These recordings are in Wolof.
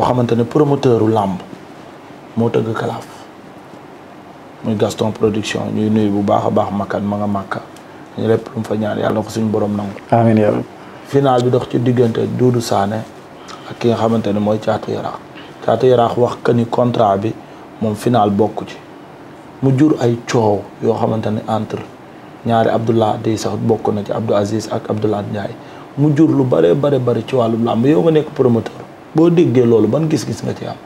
boo xamante ne promoteur u làmb moo tëgg kalaaf muy Gaston production ñuy nuyu bu baax a baax makkan ma nga màkka ñu lépp lu fa ñaar yàlla ko suñu boroom nangu. amiin yàlla. bi dox ci diggante Doudou Sané ak ki nga xamante ne mooy Caatu Yaraax Caatu Yaraax wax que ni contrat bi moom final bokku ci mu jur ay coow yoo xamante ne entre ñaari Abdoulaye Dey sax bokk na ci Abdou Aziz ak Abdoulaye Ndiaye mu jur lu bare bare bare ci wàllu làmb yow nga nekk promoteur. boo déggee loolu ban gis-gis nga ci am.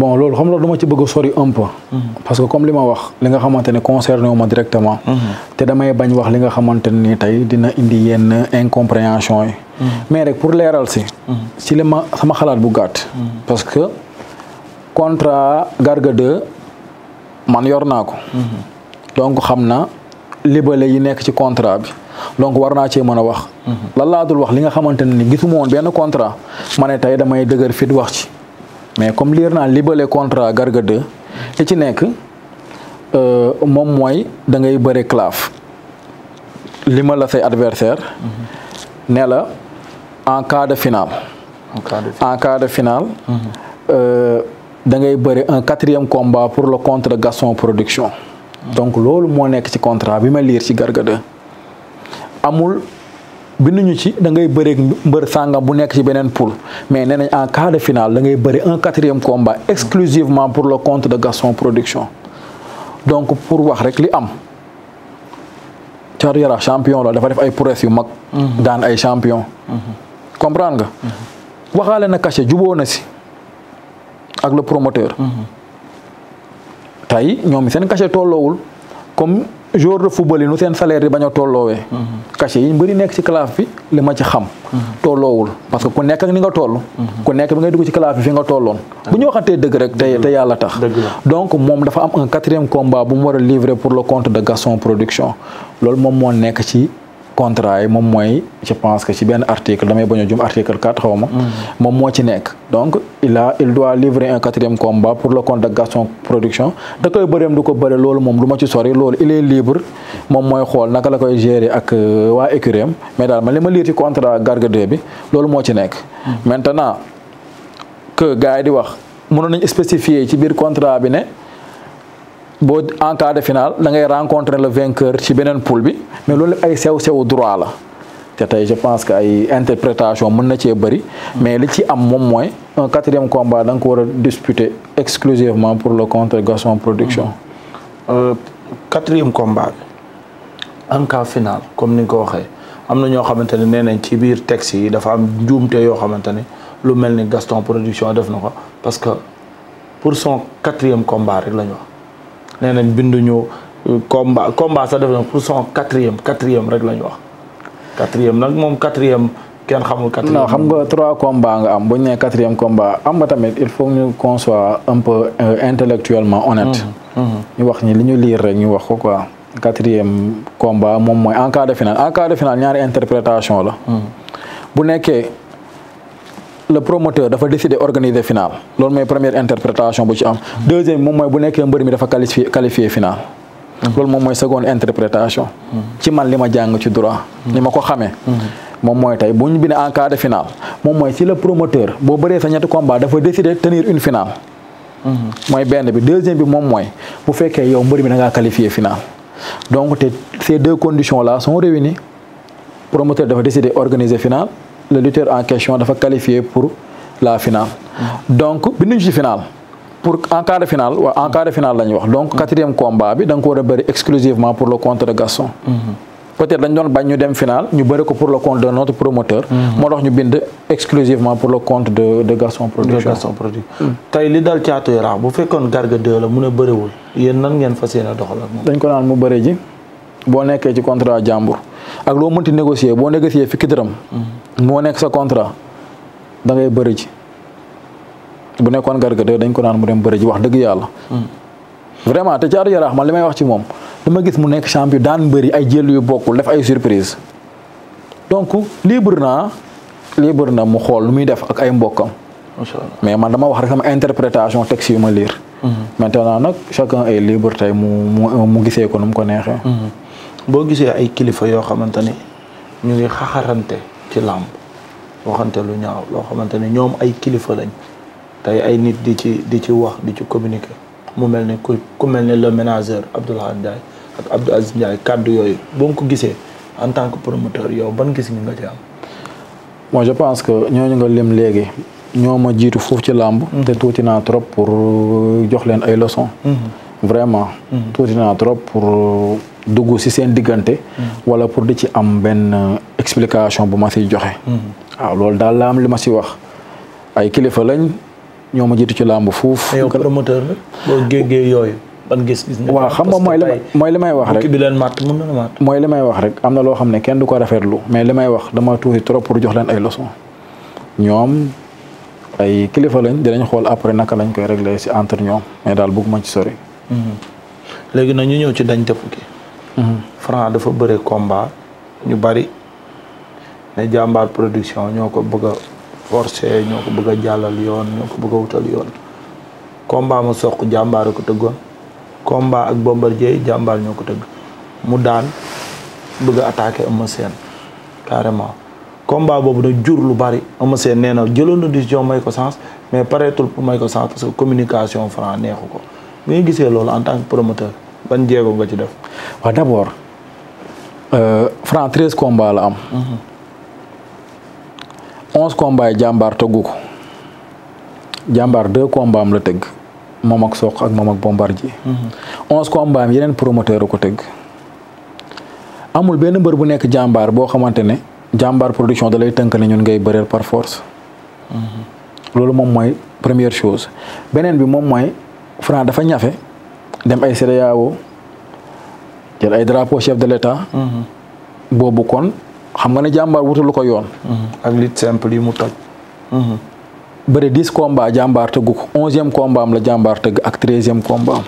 bon loolu xam loolu dama ci bëgg a sori un peu. Mhm. parce que comme li ma wax li nga xamante ne concerné wu ma directement. Mhm. te damay bañ wax li nga xamante ne ni tey dina indi yenn incompréhension yi. Mhm. mais rek pour leeral si. si li ma sama xalaat bu gàtt. parce que contrat Garga 2 man yor naa ko. donc xam na libellé yi nekk ci contra bi. donc war naa cee mën a wax. Mhm. lan laa dul wax li nga xamante ne ni gisuma woon benn contrat ma ne tey damay dëgër fit wax ci mais comme liir naa libellé contrat Garga 2 li ci nekk euh, moom mooy da ngay bëre claf li ma la say adversaire mhm. ne la en cas de finale. en cas de finale. Mhm. Euh, da ngay bëri un quatrième combat pour le contre Gaston Production. donc loolu moo nekk ci contrat bi ma liir ci Garga amul binu ci da ngay bëreeg mbeur sangam bu nekk ci benen pool mais nee en quart de finale da ngay bëri un quatrième combat exclusivement pour le compte de Gaston Production donc pour wax rek li am Caatu la champion la dafa def ay presse yu mag. Mhm. daan ay champion. Mhm. comprendre nga. Mhm. waxale na cachet juboo na si ak le promoteur. tay ñom seen cachet tolowul comme joueur de football yi nu salaire yi tolowé a cachet yi ñu nek ci classe bi li ma ci xam. tolloowul parce que ku nek ak ni nga toll. ku nek bi ngay dugg ci classe bi fi nga tolloon. bu ñu waxantee dëgg rek te te yàlla tax. donc mom dafa am un quatrième combat bu mu wara livrer pour le compte de Gaston Production lol mom mo nek ci contrat yi je pense que ci ben article damay bañu a jum article 4 xaw mom mo ci nek donc il a il doit livrer un quatrième combat pour le compte de Gaston production da koy bëreem du ko beure loolu mom luma ci sori loolu il est libre mom moy xol naka la koy gérer ak euh, wa écurie mais dal man lima ma ci contrat Garga 2 bi loolu mo ci nek maintenant que gaay di wax mënoon nañ spécifier ci biir contrat bi ne en cas de finale on rencontre rencontrer le vainqueur ci Poulbi, poule mais ce ay sew sew droit je pense que ay interprétation mën na cee mais il ci am un quatrième combat qui est ko exclusivement pour le compte Gaston Production. Euh, quatrième combat en cas de final comme nous l'avons dit, il y a ñoo tibir qui nee nañ ci biir texte chibir, dafa am des gens qui lu Gaston Production def parce que pour son quatrième combat nee nañ binduñu euh, combat combat sax def na pour son quatrième quatrième rek la ñu wax quatrième nag moom quatrième kenn xamul quatrième. non xam nga trois combats nga am bu ñu nee quatrième combat am nga tamit il faut ñu qu'on soit un peu euh, intellectuellement honnête. ñu wax ñi li ñu lire rek ñu wax ko quoi. quatrième combat moom mooy en cas de en cas de finale ñaari interprétation la. bu nekkee le promoteur dafa décider organiser final loolu mooy première interprétation bu ci am deuxième moom mooy bu nekkee mbër mi dafa qualifié final mm-hmm. loolu moom mooy seconde interprétation mm-hmm. ci man li ma jàng ci droit mm-hmm. ni ma ko xamee moom mooy tey bu bine en cas de finale moom mooy si le promoteur boo bëree sa ñetti combat dafa décider tenir une finale mooy benn bi deuxième bi moom mooy bu fekkee yow mbër mi da ngaa qualifié final donc ces deux conditions là sont réunies promoteur dafa décider organiser finale le lutteur en question dafa qualifié pour la finale. donc binduñ ci finale. pour en quart de finale waaw en quart de finale la wax donc quatrième combat bi da nga ko exclusivement pour le compte de Gaston. Mhm. peut-être dañ doon bañ dem finale ñu bëri ko pour le compte de notre promoteur. Mhm. moo tax ñu bind exclusivement pour le compte de de garçon produit. de Quand il est li dal théâtre, vous bu une Garga 2 la mun a bëriwul yéen nan ngeen fas yéene doxal ak dañ ko naan mu bëri ji contre nekkee ci contrat jàmbur ak loo mënti négocier boo négocier fukki dërëm. Mhm. mo nek sa contrat da ngay bëri ji bu nekkoon Garga 2 dañ ko nan mu dem bëri ji wax deug yalla hmm. vraiment te Thiatou yarah man limay wax ci mom dama gis mu nek champion daan beuri ay jël yu bokkul def ay surprise donc libre na libre na mu xol lu muy def ak ay mbokam mais man dama wax rek sama interprétation texte yu ma lire. Hmm. maintenant nak chacun est libre tay mu mu mu ko num ko nexé hmm. bo gisee ay kilifa yo xamantani ni ñu ngi xaxarante. ci làmb waxante lu ñaaw loo xamante ne ñoom ay kilifa lañ tey ay nit di ci di ci wax di ci communiqué mu mel ni ku ku mel ne le manager Abdoulaye Ndiaye ak Abdou Aziz Ndiaye kàddu yooyu boo ko gisee en tant que promoteur yow ban gis nga ci am. moi je pense que ñooñu nga lim léegi ñoo ma jiitu foofu ci làmb. Mm-hmm. te tuuti naa trop pour euh, jox leen ay leçons. Mm-hmm. vraiment. Mm-hmm. tuuti naa trop pour euh, dugg ci seen diggante. wala pour di ci am benn. Euh, explication bu ma si joxe. Hmm. waaw loolu daal la am li ma si wax ay kilifa lañ ñoo ma jiitu ci làmb fuuf. yow promoteur la boo géegee yooyu. ban gis-gis xam nga mooy li mooy li may wax rek bi leen màtt mën na mooy li may wax rek am na loo xam ne kenn du ko rafetlu mais li may wax dama tuuti trop pour jox leen ay leçon ñoom ay kilifa lañ dinañ xool après naka lañ koy réglé si entre ñoom mais daal bëgguma ci sori. Hmm. léegi nag ñëw ci dañ te fukki. Hmm. Franc dafa bëre combat ñu bari ne jàmbaar production ñoo ko bëgg a ñoo ko bëgg a jàllal yoon ñoo ko bëgg a wutal yoon combat mu soq jàmbaar ko tëggoon combat ak bombardier jàmbaar ñoo ko tëgg mu daan bëgg a attaqué Eumeu Sène carrément boobu na jur lu bari Eumeu Sène nee na jëloon na décision may ko sens mais pareetul pour may ko sens parce que communication franc neexu ko bi nga gisee loolu en tant que promoteur ban jéego nga ci def. waaw d'abord euh, franc treize combat la am. Mm-hmm. 11 combat jambar jàmbaar jambar ko jàmbaar deux combats am la tëgg mom ak soq ak mom ak bombardier 11 mhm. combat am promoteur ko amul benn mbeur bu nek jambar bo xamantene jambar production dalay teunk tënk ne ñun ngay beurel par force mhm. lolu mom moy première chose benen bi mom moy Franc dafa ñafé dem ay CEDEAO jël ay drapeau chef de l'État mhm. bobu kon xam nga ne jàmbaar wutalu ko yoon. Mm-hmm. ak lit simple yi mu toj. Mm-hmm. bëri dix combat jàmbaar tëggu ko onzième combat am la jàmbaar tëgg ak treizième combat am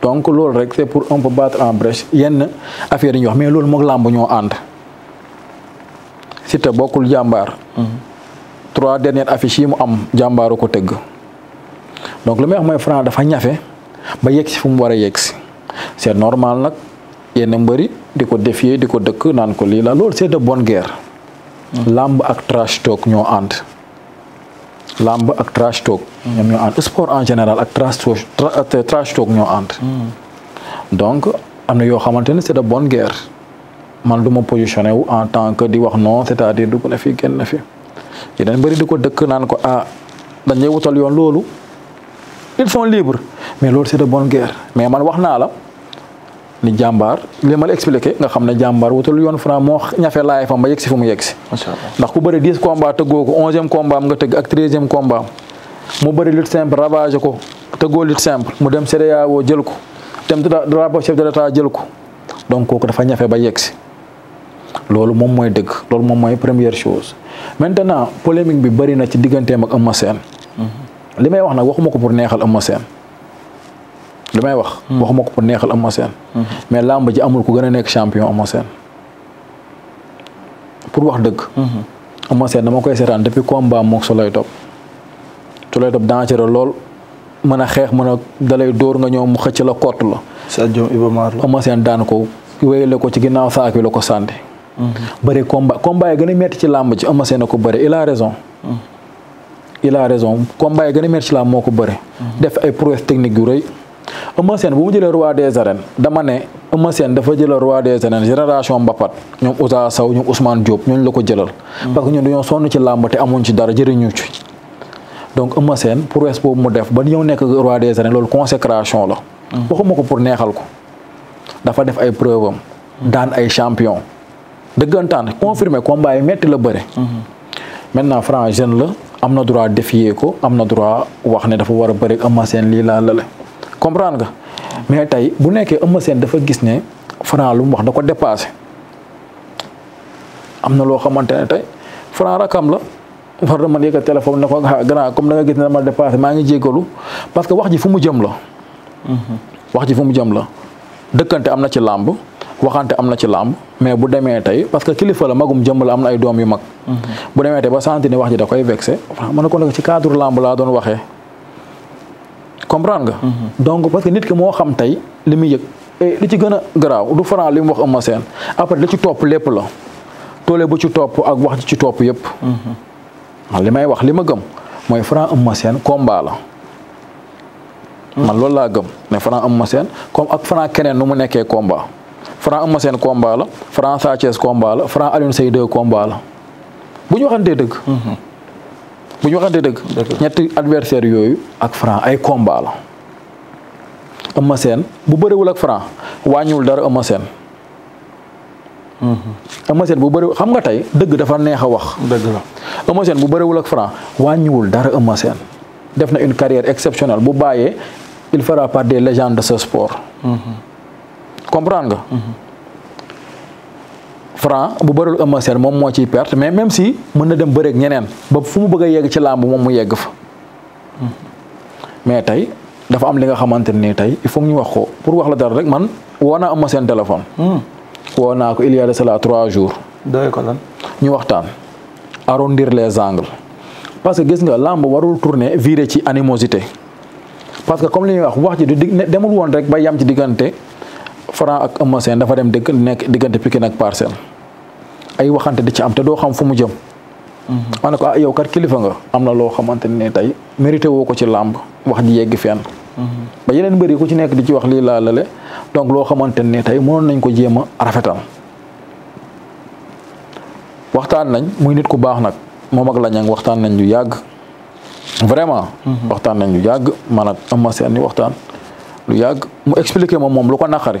donc loolu rek c' est pour un peu battre en brèche yenn affaire yi ñuy wax mais loolu moog lamb ñoo ànd. Siteu bokkul jàmbaar. Mm-hmm. trois dernières affiches yi mu am jàmbaaru ko tëgg. donc li may wax mooy Franc dafa ñafe ba yegg si fu mu war a yegg si c' est normal nag yenn mbeuri di ko défier di ko dëkk naan ko li la loolu c'est de bonne guerre. Hmm. lamb ak trash talk ño ànd. lamb ak trash talk. Hmm. ñoom ño ànd sport en général ak trash euh, trash talk ño ànd. Hmm. donc amna yo yoo c'est de bonne guerre man du positionné wu en tant que di wax non c'est-à-dire du ko fi fi di ko dëkk naan ko ah dañ lay wutal yoon loolu ils sont libres mais loolu c'est de bonne guerre mais man wax na la ni jambar li ma la expliqué nga xamne jambar wutul yon yoon Franc moo ñafe laay fam ba yegsi fu mu yegsi ndax ku bari 10 combat te goko 11e combat am nga teug ak 13e combat mu bari lutte simple ravage ko te go lutte simple mu dem wo jël ko dem drapeau chef de l'état jël ko donc koku dafa ñafé ba yegsi lolu mom moy deug lolu mom moy première chose maintenant polémique bi bari na ci digganteem ak Eumeu Sène mhm. li wax nak waxumako pour neexal Eumeu li may wax. waxuma ko ko pour neexal Eumeu Sène. mais làmb ji amul ko gën a nekk champion Eumeu Sène pour wax dëgg. Eumeu Sène dama koy seetaan depuis combat moog su lay topp su lay topp lool mën a xeex mën a dalay dóor nga ñëw mu xëcc la kott la. Sadio Iba daan ko wéyale ko ci ginnaaw saak la ko sànni. bëri combat combat yi gën a metti ci làmb ji Eumeu Sène a ko bëri il a raison. il raison combat yi gën a metti ci làmb moo ko bëri. def ay prouesse technique yu Eumeu Sène bu mu jëlee roi des arènes dama ne Eumeu dafa jël roi des arènes génération Mbapat ñoom Ousa Sow ñoom Ousmane Diop ñooñu la ko jëlal. Hmm. parce que ñun dañoo sonn ci làmb te amuñ ci dara jëriñu ci. donc Eumeu Sène prouesse boobu mu def ba ñëw nekk roi des arènes loolu consécration la. Hmm. waxuma ko pour neexal ko. dafa def ay preuve hmm. daan ay champion. dëggantaan confirmé combat yi metti la bëre. maintenant Franc jeune la am na droit défier ko am na droit wax ne dafa war a bëri Eumeu Sène lii laa la. comprendre nga mais tey bu nekkee Eumeu Sène dafa gis ne Franc lu mu wax da ko dépassé am na loo xamante ne tey Franc rakam la war na mën yëkkat téléphone ne ko ah grand comme da gis ne dama dépassé maa ngi jéggalu parce que wax ji fu mu jëm la. Mm-hmm. wax ji fu mu jëm la dëkkante am na ci làmb waxante am na ci làmb mais bu demee tey parce que kilifa la magum jëmm la am na ay doom yu mag. Mm-hmm. bu demee tey ba santi ne wax ji da koy vexé mën na ko nekk ci laa doon waxee. comprendre nga. donc parce que nit ki moo xam tey li muy yëg. li ci gën a garaaw du Franc li mu wax Eumeu Sène après li ci topp lépp la toole bu ci topp ak wax ci topp yëpp. li may wax li ma gëm mooy Franc Eumeu Sène combat la. man loolu laa gëm ne Franc Eumeu Sène comme ak Franc keneen nu mu nekkee combat Franc Eumeu Sène combat la Franc Sa Thiès combat la bu ñu waxantee dëgg. bu ñu waxante deug ñet adversaire yoyu ak franc ay combat la amma sen bu bëriwul ak franc wañul dara amma sen hmm amma sen bu bëriwul xam nga tay deug dafa neex wax deug la amma sen bu bëriwul ak franc wañul dara amma sen def na une carrière exceptionnelle bu bàyyee il fera partie des légendes de ce sport hmm comprendre nga hmm Franc bu bërul Eumeu Sène moom moo ciy perte mais même si mën na dem bëreeg ñeneen ba fu mu bëgg a yegg ci làmb moom mu yegg fa mais tey dafa am li nga xamante nii tey il faut ñu wax ko pour wax la dara rek man woo naa Eumeu Sène téléphone. Hmm. woo naa ko il y a de cela trois jours. doy ko lan ñu waxtaan. arrondir les angles. parce que gis nga làmb warul tourner viré ci animosité parce que comme li ñuy wax wax ji du demul woon rek ba yam ci diggante. Franc ak Eumeu Sène dafa dem deug nek digante Pikine ak parcel ay waxante di ci am te do xam fu mu jëm. ma mhm. ko ah yow kat kilifa nga. amna lo xamanteni ne tay mérité woko ci lamb wax di yegg fen mhm. ba yeneen mbër yi ku ci nek di ci wax lii la lale donc lo xamanteni ne tay mënoon nañ ko jema rafetal. waxtaan nañ muy nit ku bax nak, mom ak lañang waxtaan nañ ñu yag vraiment. Mhm. waxtaan nañ ñu yag man ak amassane waxtaan lu yag mu expliquer mom mom lu ko nakari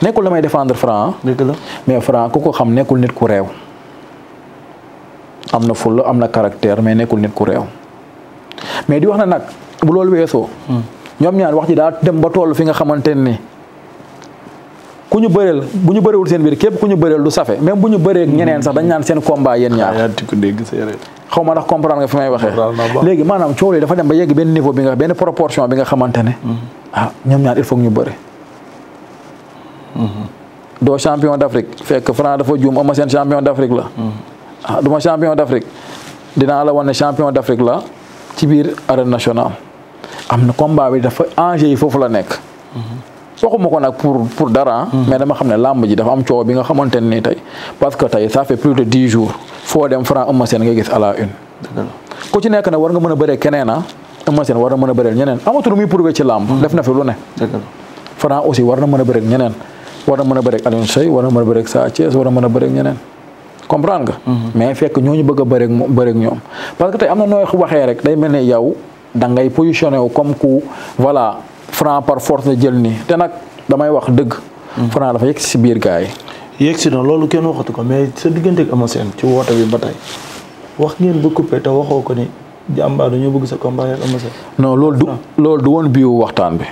nekkul damay défendre Franc mais Franc ku ko xam nekkul nit ku reew am na fulla am na caractère mais nekkul nit ku réew mais di wax na nag bu loolu weesoo hmm. ñoom ñaan wax ji daal dem ba toolu fi nga xamante ni ku ñu bëreel bu ñu bëreewul seen biir képp ku ñu bëreel du safe même ñeneen sax dañ naan seen combat yéen ñaar xaw ma ndax comprendre nga fi may waxee léegi maanaam coow li dafa dem ba yegg benn niveau bi nga benn proportion bi nga xamante ne hmm. ah ñoom ñaar il faut ñu bëre doo champion d' Afrique fekk Franc dafa juum ama seen champion d' la. ah du ma champion d' dinaa la wane ne champion d' la ci biir arène nationale am na combat bi dafa enjeu foofu la nekk. waxuma ko nag pour dara. Ah. Mhm. mais dama ne làmb ji dafa am coow bi nga xamante ne ni tey parce que tey ça fait plus de dix jours foo dem Franc ama seen nga gis à la une. ku ci nekk nag war nga mën a bëree keneen ah ama seen war na mën a bëreel ñeneen amatul muy prouvé ci mhm. def na fi lu aussi war na mën a bëreel ñeneen. wara mëna mën a bëreeg Alioune Seye war na mën Sa ci war na mën a bëreeg ñeneen comprendre mhm. nga. mais fekk ñooñu bëgg a bëreeg moom bëreeg ñoom. parce que tay amna noy waxé rek day melni ne yow da ngay positionner comme ku voilà franc par force mhm. la jël ni té nak damay wax deug franc dafa yegg ci biir gaay yi. ci non lolu kenn waxatu ko mais sa digënté ak Eumeu Sène ci wota bi batay wax ngeen bu coupé té waxo ko ni jamba dañu bëgg sa combat ak Eumeu Sène. non lolu lolu du won biu waxtaan bi.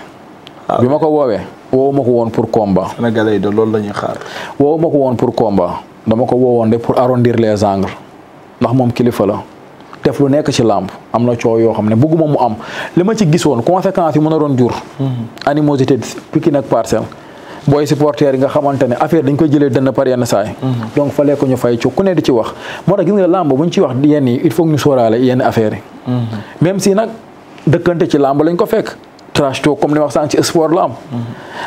Ah. bima ko wowe woowu ma ko woon pour combat. Sénégalais yi de loolu la ñuy ko woon pour combat dama ko woowoon rek pour arrondir les angles ndax moom kilifa la def lu nekk ci làmb am na coow yoo xam ne bëgguma mu am li ma ci gisoon conséquences yi mën a doon jur. Mhm. animosité Pikine ak Parcelles. booy supporter yi nga xamante ne affaire dañ koy jëlee dënn par yenn saay mhm. donc fa lekk ñu fay ci ku ne di ci wax moo tax gis nga làmb bu ñu ci wax yenn il faut ñu sóoraale yenn affaire yi mhm. si nag dëkkante ci làmb lañ ko fekk trash talk comme li ma wax sànq ci sport la am.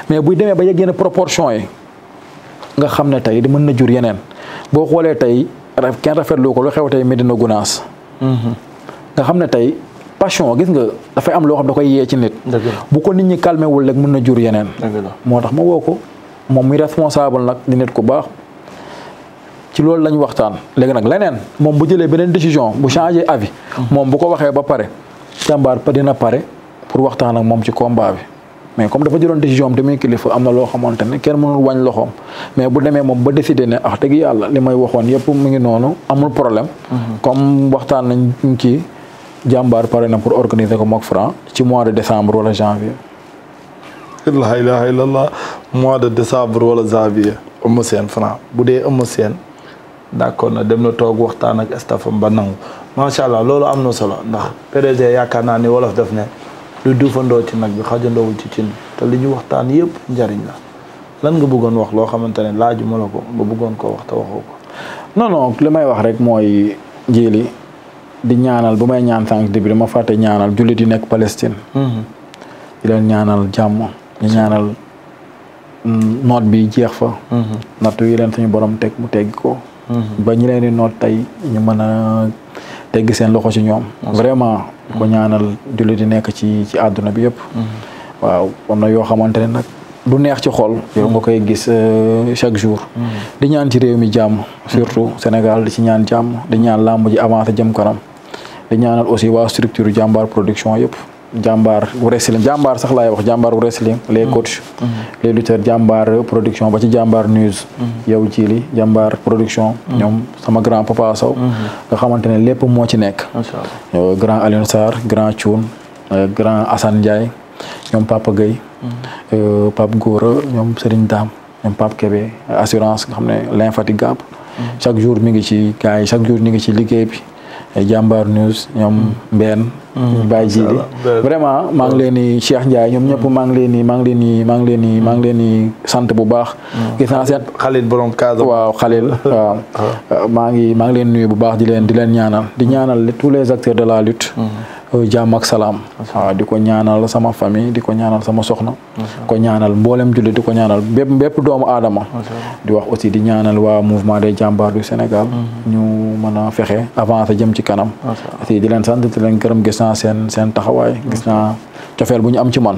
mais buy demee ba yegg yenn proportion yi nga xam ne tey mën na jur yeneen boo xoolee tey kenn rafetlu ko lu xew tey Medina Gunaas. Mhm. nga xam ne tey passion gis nga dafay am loo xam da koy yee ci nit. bu ko nit ñi calmé wul rek mën na jur yeneen. moo tax ma woo ko moom muy responsable nag di nit ku baax. ci loolu lañu waxtaan léegi nag leneen moom bu jëlee beneen décision bu changé avis. Mhm. moom bu ko ba pare jàmbaar dina pour waxtaan ak moom ci combat bi mais comme dafa jëloon décision am te muy kilifa am na loo xamante ne kenn mënul wàññ loxoom mais bu demee moom ba décider ne ah dëgg yàlla li may waxoon yëpp mu ngi noonu amul problème. Mhm. comme waxtaan nañ ci jàmbaar pare na pour organiser ko mook Franc ci mois de décembre wala janvier. la ilaha illallah mois de décembre wala janvier Eumeu Sène Franc bu dee Eumeu Sène d'accord na dem na toog waxtaan ak staffam ba nangu macha allah loolu am na solo ndax PDG yaakaar naa ni wolof def ne. lu duufandoo ci nag bi xajandoowul ci cin te li ñu waxtaan yëpp njariñ la lan nga bëggoon wax loo xamante ne laajuma la ko nga bëggoon ko wax te waxoo ko. non non may wax rek mooy jili di ñaanal bu may ñaan sànq début dama fàtte ñaanal jullit yi nekk Palestine. Mhm. di leen ñaanal jàmm di ñaanal mm, noot bi jeex fa. Mhm. nattu yi leen suñu borom teg mu teg ko. Mhm. ba ñi leen di noot tey ñu mën a tegg seen loxo ci ñoom. di ko ñaanal jullit nekk ci ci àdduna bi yëpp. Mm-hmm. waaw am na yoo xamante ne nag du neex ci xool yow nga koy gis euh, chaque jour. Mm-hmm. di ñaan ci réew mi jàmm. surtout mm-hmm. Sénégal di ci ñaan jàmm di ñaan làmb ji avancé jëm kanam di ñaanal aussi waa structure jàmbaar production yëpp. jàmbaar wrestling jàmbaar sax laay wax jàmbaar wrestling mm-hmm. les coachs mm-hmm. les lutteurs jàmbaar production ba ci jàmbaar news mm-hmm. yow ci li jàmbaar production ñoom sama grand papa Sow nga xamante ne lépp moo ci nekk grand Alioune Sarr grand Thioune euh, grand Assane Ndiaye ñoom Papa Gueye euh, Pape Gora ñoom Serigne Dam ñoom Pape Kébé assurance nga xam ne l'infatigable chaque jour mi ngi ci gars yi chaque jour ñu ngi ci liggéey bi jàmbaar news ñoom mm. Mbène. Mm. Baye Jili vraiment maa ngi leen di Cheikh Ndiaye ñoom ñëpp mm. maa ngi leen di maa ngi leen di maa ngi leen di maa ngi leen di sant bu baax. gis naa seen Khalil borom Kaza. waaw Khalil waaw. Ah. maa ngi maa ngi leen nuyu bu baax di leen di leen ñaanal di ñaanal tous les acteurs de la lutte. jàmm ak salaam. waaw di ko ñaanal sama famille di ko ñaanal sama soxna. ko ñaanal mbooleem jullit di ko ñaanal bépp bépp doomu aadama. di wax aussi di ñaanal waa mouvement des jàmbaar du Sénégal. Mhm. ñu mën a fexe avancer jëm ci kanam. aussi di leen sant di leen gërëm gis naa seen seen taxawaay gis naa cofeel bu ñu am ci man.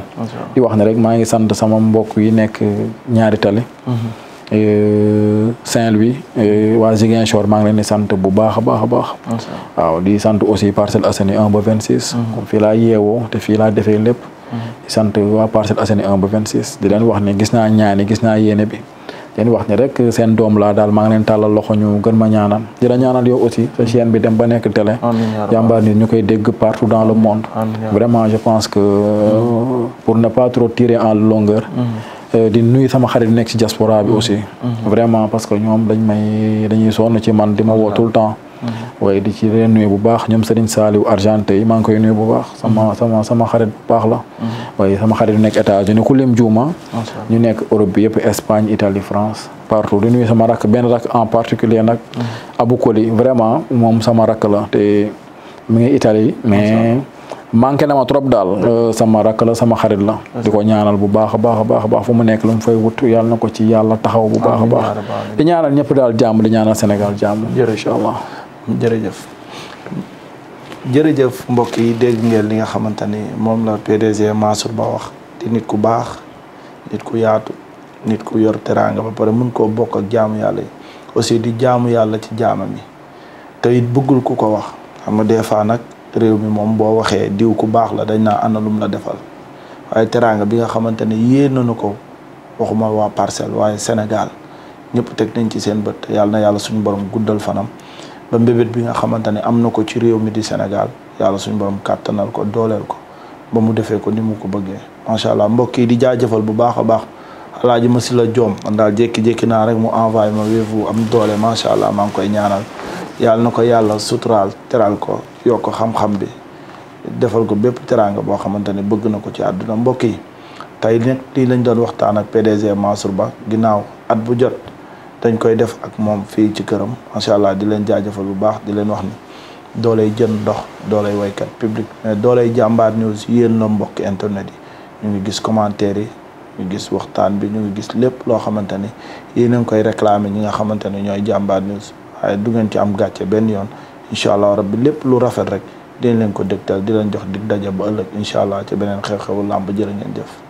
di wax na rek maa ngi sant sama mbok yi nekk ñaari tali. Mhm. Euh, Saint-Louis euh, waa Ziguinchor maa ngi leen di sant bu baax a baax a baax. di sant aussi Parcelles Assainies 1 ba 26. comme mhm. fii laa yeewoo te fii laa defee lépp. Mhm. di sant waa Parcelles Assainies 1 ba 26 di leen wax ne gis naa ñaani gis naa yéene bi. leen wax ne rek seen doom laa daal maa ngi leen loxo ñu gën ma ñaanal di la ñaanal yow aussi sa chaîne bi dem ba nekk télé jàmbaar nit ñu koy dégg partout dans le monde vraiment je pense que euh, pour ne pas trop tirer en longueur mhm. Euh, di nuyu sama xarit nekk ci diaspora bi aussi. Mm-hmm. vraiment parce que ñoom dañ may dañuy sonn ci man di ma woo tout le temps. waaye mm-hmm. di ci leen nuyu bu baax ñoom Serigne Saliou Argente yi maa ngi koy nuyu bu sama mm-hmm. sama sama xarit bu baax la. waaye sama xarit nekk États-Unis ku lim juuma. ñu nekk Europe bi yëpp Espagne Italie France partout di nuy sama rakk benn rakk en particulier nag. Abou Koli vraiment moom sama rakk la te mi ngi Italie mais. manqué na ma trop dal eh, sama rakk la sama xarit la di ñaanal bu baaxa baaxa baaxa baax fu mu nekk lu mu fay wut yalla nako ci yalla taxaw bu baaxa baax ya di ñaanal ñepp dal jamm di ñaanal jere inshallah jere allah jere Jeff, mbokk yi deg ngeel li nga xamantani mom la PDG Mansour Ba wax di nit ku baax nit ku yaatu nit ku yor teranga, ba pare mën ko bokk ak jamm yalla aussi di jamu yalla ci jamm mi tayit bëggul ku ko wax xam nga des réew mi moom boo waxee diw ku baax la dañ naa ana lum la defal waaye teraanga bi nga xamante ne yéen nañu ko waxuma waa parcelle waaye Sénégal ñëpp teg nañ ci seen bët yàlla na yàlla suñu borom guddal fanam ba mbébét bi nga xamante ne am na ko ci réew mi di Sénégal yàlla suñu borom kàttanal ko dooleel ko ba mu defee ko ni mu ko bëggee macha allah mbokk yi di jaajëfal bu baax a baax alaaji ma si la joom man jékki-jékki naa rek mu envoyé ma wéevu am doole macha allah maa ngi koy ñaanal yàlla na ko yàlla suturaal teral ko yokk xam-xam bi defal ko bépp teraanga boo xamante ne bëgg na ko ci àdduna mbokk yi tey nag lii lañ doon waxtaan ak PDG Mansour Ba ginnaaw at bu jot dañ koy def ak moom fii ci këram macha allah di leen jaajëfal bu baax di leen wax ni doolay jën ndox doolay woykat public mais doolay jàmbaar news yéen la mbokk internet yi ñu ngi gis commentaire yi ñu gis waxtaan bi ñu ngi gis lépp loo xamante ni yéen a koy réclamer ñi nga xamante ne ñooy jàmbaar news waaye du ngeen ci am gàcce benn yoon incha allah rabbi lépp lu rafet rek dinañ leen ko dégtal di leen jox dig daje ba ëllëg incha allah ci beneen xew-xewu làmb jërë ngeen jëf